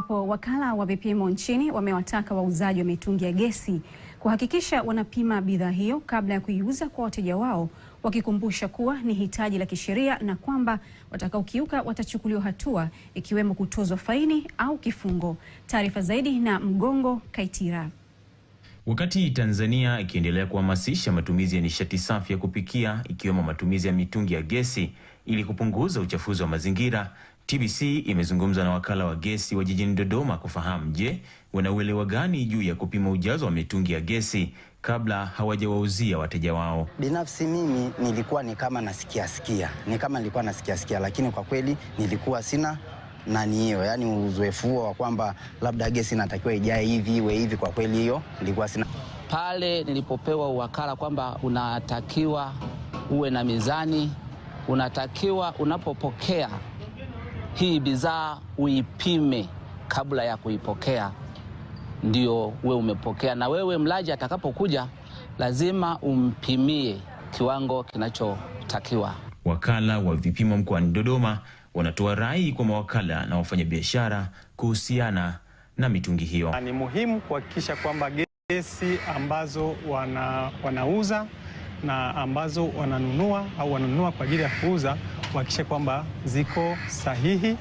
Ambapo wakala wa vipimo nchini wamewataka wauzaji wa mitungi ya gesi kuhakikisha wanapima bidhaa hiyo kabla ya kuiuza kwa wateja wao, wakikumbusha kuwa ni hitaji la kisheria na kwamba watakaokiuka watachukuliwa hatua ikiwemo kutozwa faini au kifungo. Taarifa zaidi na Mgongo Kaitira. Wakati Tanzania ikiendelea kuhamasisha matumizi ya nishati safi ya kupikia ikiwemo matumizi ya mitungi ya gesi ili kupunguza uchafuzi wa mazingira, TBC imezungumza na wakala wa gesi wa jijini Dodoma kufahamu, je, wanauelewa gani juu ya kupima ujazo wa mitungi ya gesi kabla hawajawauzia wateja wao. Binafsi mimi nilikuwa ni kama nasikiasikia, ni kama nilikuwa nasikiasikia, lakini kwa kweli nilikuwa sina nani hiyo, yani uzoefu huo wa kwamba labda gesi inatakiwa ijae hivi iwe hivi, kwa kweli hiyo nilikuwa sina. Pale nilipopewa uwakala kwamba unatakiwa uwe na mizani, unatakiwa unapopokea hii bidhaa uipime kabla ya kuipokea, ndio we umepokea, na wewe mlaji atakapokuja lazima umpimie kiwango kinachotakiwa. Wakala wa vipimo mkoani Dodoma wanatoa rai kwa mawakala na wafanyabiashara kuhusiana na mitungi hiyo. Ni muhimu kuhakikisha kwamba gesi ambazo wana, wanauza na ambazo wananunua au wananunua kwa ajili ya kuuza kuhakikisha kwamba ziko sahihi,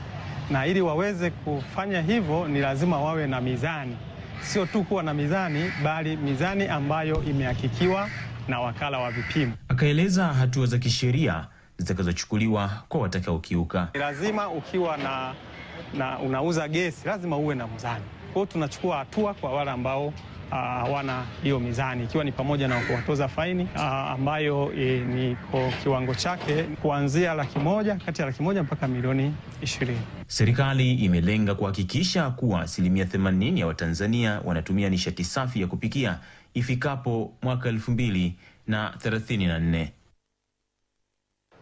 na ili waweze kufanya hivyo ni lazima wawe na mizani, sio tu kuwa na mizani, bali mizani ambayo imehakikiwa na wakala wa vipimo. Akaeleza hatua za kisheria zitakazochukuliwa kwa watakaokiuka. Ni lazima ukiwa na, na unauza gesi lazima uwe na mzani. Kwa hiyo tunachukua hatua kwa wale ambao ah, hawana uh, hiyo mizani ikiwa ni pamoja na kuwatoza faini uh, ambayo e, ni kwa kiwango chake kuanzia laki moja kati ya laki moja mpaka milioni ishirini. Serikali imelenga kuhakikisha kuwa asilimia 80 ya Watanzania wanatumia nishati safi ya kupikia ifikapo mwaka elfu mbili na thelathini na nne.